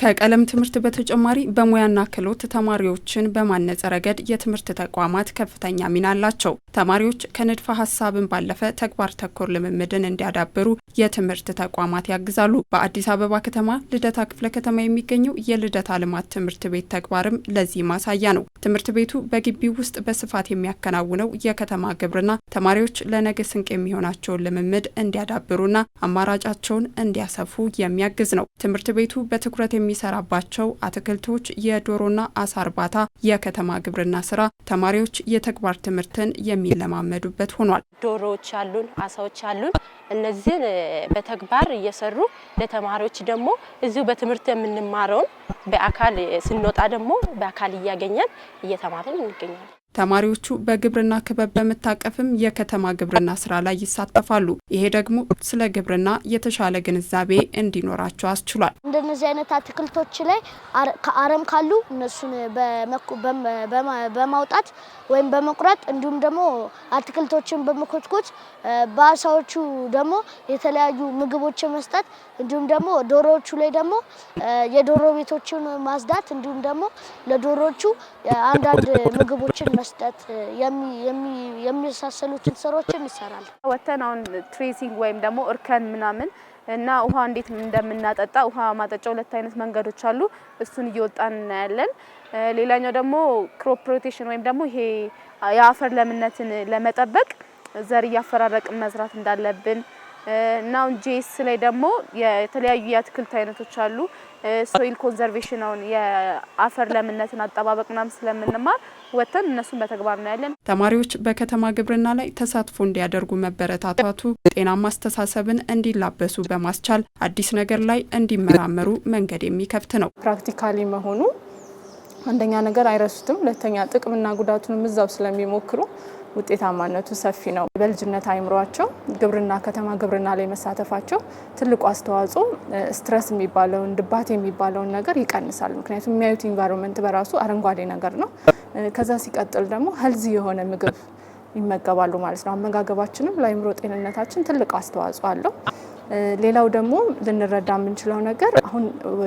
ከቀለም ትምህርት በተጨማሪ በሙያና ክህሎት ተማሪዎችን በማነጽ ረገድ የትምህርት ተቋማት ከፍተኛ ሚና አላቸው። ተማሪዎች ከንድፈ ሀሳብን ባለፈ ተግባር ተኮር ልምምድን እንዲያዳብሩ የትምህርት ተቋማት ያግዛሉ። በአዲስ አበባ ከተማ ልደታ ክፍለ ከተማ የሚገኘው የልደታ ልማት ትምህርት ቤት ተግባርም ለዚህ ማሳያ ነው። ትምህርት ቤቱ በግቢው ውስጥ በስፋት የሚያከናውነው የከተማ ግብርና ተማሪዎች ለነገ ስንቅ የሚሆናቸውን ልምምድ እንዲያዳብሩና አማራጫቸውን እንዲያሰፉ የሚያግዝ ነው። ትምህርት ቤቱ በትኩረት የሚሰራባቸው አትክልቶች፣ የዶሮና አሳ እርባታ፣ የከተማ ግብርና ስራ ተማሪዎች የተግባር ትምህርትን የሚለማመዱበት ሆኗል። ዶሮዎች አሉን፣ አሳዎች አሉን። እነዚህን በተግባር እየሰሩ ለተማሪዎች ደግሞ እዚሁ በትምህርት የምንማረውን በአካል ስንወጣ ደግሞ በአካል እያገኘን እየተማርን እንገኛለን። ተማሪዎቹ በግብርና ክበብ በመታቀፍም የከተማ ግብርና ስራ ላይ ይሳተፋሉ። ይሄ ደግሞ ስለ ግብርና የተሻለ ግንዛቤ እንዲኖራቸው አስችሏል። እንደነዚህ አይነት አትክልቶች ላይ አረም ካሉ እነሱን በማውጣት ወይም በመቁረጥ እንዲሁም ደግሞ አትክልቶችን በመኮትኮት በአሳዎቹ ደግሞ የተለያዩ ምግቦችን መስጠት እንዲሁም ደግሞ ዶሮዎቹ ላይ ደግሞ የዶሮ ቤቶችን ማስዳት እንዲሁም ደግሞ ለዶሮዎቹ አንዳንድ ምግቦችን መስጠት መስጠት የሚመሳሰሉትን ስራዎችን ይሰራል። ወተን አሁን ትሬሲንግ ወይም ደግሞ እርከን ምናምን እና ውሃ እንዴት እንደምናጠጣ ውሃ ማጠጫ ሁለት አይነት መንገዶች አሉ። እሱን እየወጣን እናያለን። ሌላኛው ደግሞ ክሮፕ ሮቴሽን ወይም ደግሞ ይሄ የአፈር ለምነትን ለመጠበቅ ዘር እያፈራረቅን መስራት እንዳለብን ናውን ጄስ ላይ ደግሞ የተለያዩ የአትክልት አይነቶች አሉ። ሶይል ኮንዘርቬሽን አሁን የአፈር ለምነትን አጠባበቅ ምናምን ስለምንማር ወጥተን እነሱን በተግባር እናያለን። ተማሪዎች በከተማ ግብርና ላይ ተሳትፎ እንዲያደርጉ መበረታታቱ ጤናማ አስተሳሰብን እንዲላበሱ በማስቻል አዲስ ነገር ላይ እንዲመራመሩ መንገድ የሚከፍት ነው። ፕራክቲካሊ መሆኑ አንደኛ ነገር አይረሱትም፣ ሁለተኛ ጥቅምና ጉዳቱን እዛው ስለሚሞክሩ ውጤታማነቱ ሰፊ ነው። በልጅነት አይምሯቸው ግብርና ከተማ ግብርና ላይ መሳተፋቸው ትልቁ አስተዋጽኦ ስትረስ የሚባለውን ድባት የሚባለውን ነገር ይቀንሳል። ምክንያቱም የሚያዩት ኢንቫይሮንመንት በራሱ አረንጓዴ ነገር ነው። ከዛ ሲቀጥል ደግሞ ሄልዚ የሆነ ምግብ ይመገባሉ ማለት ነው። አመጋገባችንም ለአይምሮ ጤንነታችን ትልቅ አስተዋጽኦ አለው። ሌላው ደግሞ ልንረዳ የምንችለው ነገር አሁን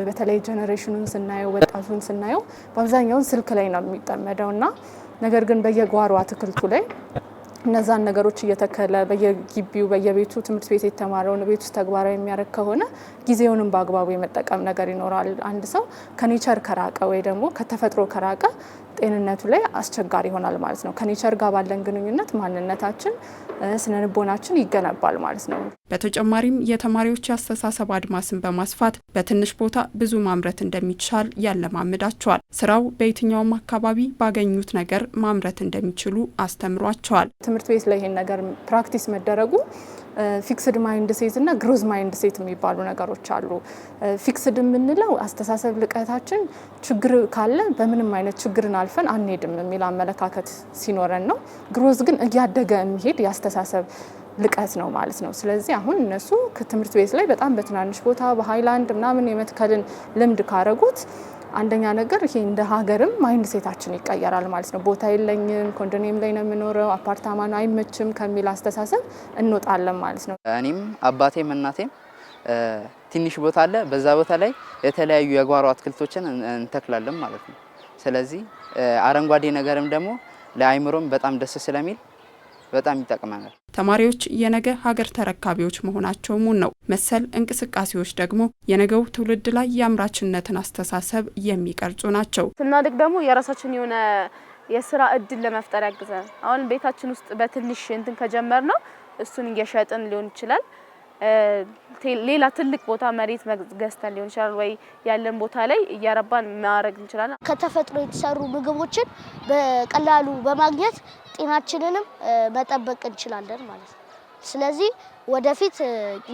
በተለይ ጀኔሬሽኑን ስናየው ወጣቱን ስናየው በአብዛኛውን ስልክ ላይ ነው የሚጠመደው እና ነገር ግን በየጓሮ አትክልቱ ላይ እነዛን ነገሮች እየተከለ በየግቢው በየቤቱ ትምህርት ቤት የተማረውን ቤት ውስጥ ተግባራዊ የሚያደርግ ከሆነ ጊዜውንም በአግባቡ የመጠቀም ነገር ይኖራል። አንድ ሰው ከኔቸር ከራቀ ወይ ደግሞ ከተፈጥሮ ከራቀ ጤንነቱ ላይ አስቸጋሪ ይሆናል ማለት ነው። ከኔቸር ጋር ባለን ግንኙነት ማንነታችን፣ ስነንቦናችን ይገነባል ማለት ነው። በተጨማሪም የተማሪዎች የአስተሳሰብ አድማስን በማስፋት በትንሽ ቦታ ብዙ ማምረት እንደሚቻል ያለማምዳቸዋል። ስራው በየትኛውም አካባቢ ባገኙት ነገር ማምረት እንደሚችሉ አስተምሯቸዋል። ትምህርት ቤት ላይ ይሄን ነገር ፕራክቲስ መደረጉ ፊክስድ ማይንድ ሴት እና ግሮዝ ማይንድ ሴት የሚባሉ ነገሮች አሉ። ፊክስድ የምንለው አስተሳሰብ ልቀታችን ችግር ካለ በምንም አይነት ችግርን አልፈን አንሄድም የሚል አመለካከት ሲኖረን ነው። ግሮዝ ግን እያደገ የሚሄድ ያስተሳሰብ ልቀት ነው ማለት ነው። ስለዚህ አሁን እነሱ ከትምህርት ቤት ላይ በጣም በትናንሽ ቦታ በሃይላንድ ምናምን የመትከልን ልምድ ካረጉት አንደኛ ነገር ይሄ እንደ ሀገርም ማይንድ ሴታችን ይቀየራል ማለት ነው። ቦታ የለኝም፣ ኮንዶኒየም ላይ ነው የምኖረው፣ አፓርታማን አይመችም ከሚል አስተሳሰብ እንወጣለን ማለት ነው። እኔም አባቴም እናቴም ትንሽ ቦታ አለ። በዛ ቦታ ላይ የተለያዩ የጓሮ አትክልቶችን እንተክላለን ማለት ነው። ስለዚህ አረንጓዴ ነገርም ደግሞ ለአይምሮም በጣም ደስ ስለሚል በጣም ይጠቅመናል። ተማሪዎች የነገ ሀገር ተረካቢዎች መሆናቸው ሙን ነው። መሰል እንቅስቃሴዎች ደግሞ የነገው ትውልድ ላይ የአምራችነትን አስተሳሰብ የሚቀርጹ ናቸው። ስናድግ ደግሞ የራሳችን የሆነ የስራ እድል ለመፍጠር ያግዘናል። አሁን ቤታችን ውስጥ በትንሽ እንትን ከጀመር ነው እሱን እየሸጥን ሊሆን ይችላል ሌላ ትልቅ ቦታ መሬት ገዝተን ሊሆን ይችላል ወይ ያለን ቦታ ላይ እያረባን ማድረግ እንችላለን። ከተፈጥሮ የተሰሩ ምግቦችን በቀላሉ በማግኘት ጤናችንንም መጠበቅ እንችላለን ማለት ነው። ስለዚህ ወደፊት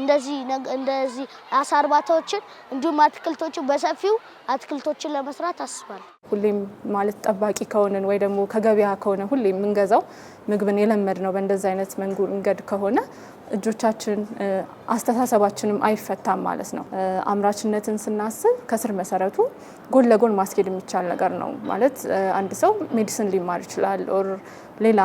እንደዚህ እንደዚህ አሳ እርባታዎችን እንዲሁም አትክልቶችን በሰፊው አትክልቶችን ለመስራት አስባለሁ። ሁሌም ማለት ጠባቂ ከሆነን ወይ ደግሞ ከገበያ ከሆነ ሁሌም የምንገዛው ምግብን የለመድ ነው በእንደዚህ አይነት መንገድ ከሆነ እጆቻችን አስተሳሰባችንም አይፈታም ማለት ነው። አምራችነትን ስናስብ ከስር መሰረቱ ጎን ለጎን ማስኬድ የሚቻል ነገር ነው ማለት አንድ ሰው ሜዲሲን ሊማር ይችላል ኦር ሌላ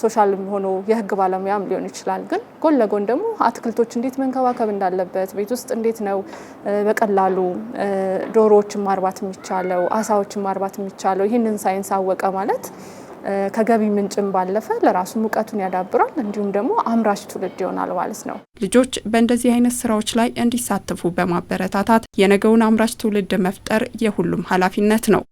ሶሻልም ሆኖ የህግ ባለሙያም ሊሆን ይችላል ግን ጎን ለጎን ደግሞ አትክልቶች እንዴት መንከባከብ እንዳለበት ቤት ውስጥ እንዴት ነው በቀላሉ ዶሮዎችን ማርባት የሚቻለው፣ አሳዎችን ማርባት የሚቻለው ይህንን ሳይንስ አወቀ ማለት ከገቢ ምንጭም ባለፈ ለራሱ ሙቀቱን ያዳብራል፣ እንዲሁም ደግሞ አምራች ትውልድ ይሆናል ማለት ነው። ልጆች በእንደዚህ አይነት ስራዎች ላይ እንዲሳተፉ በማበረታታት የነገውን አምራች ትውልድ መፍጠር የሁሉም ኃላፊነት ነው።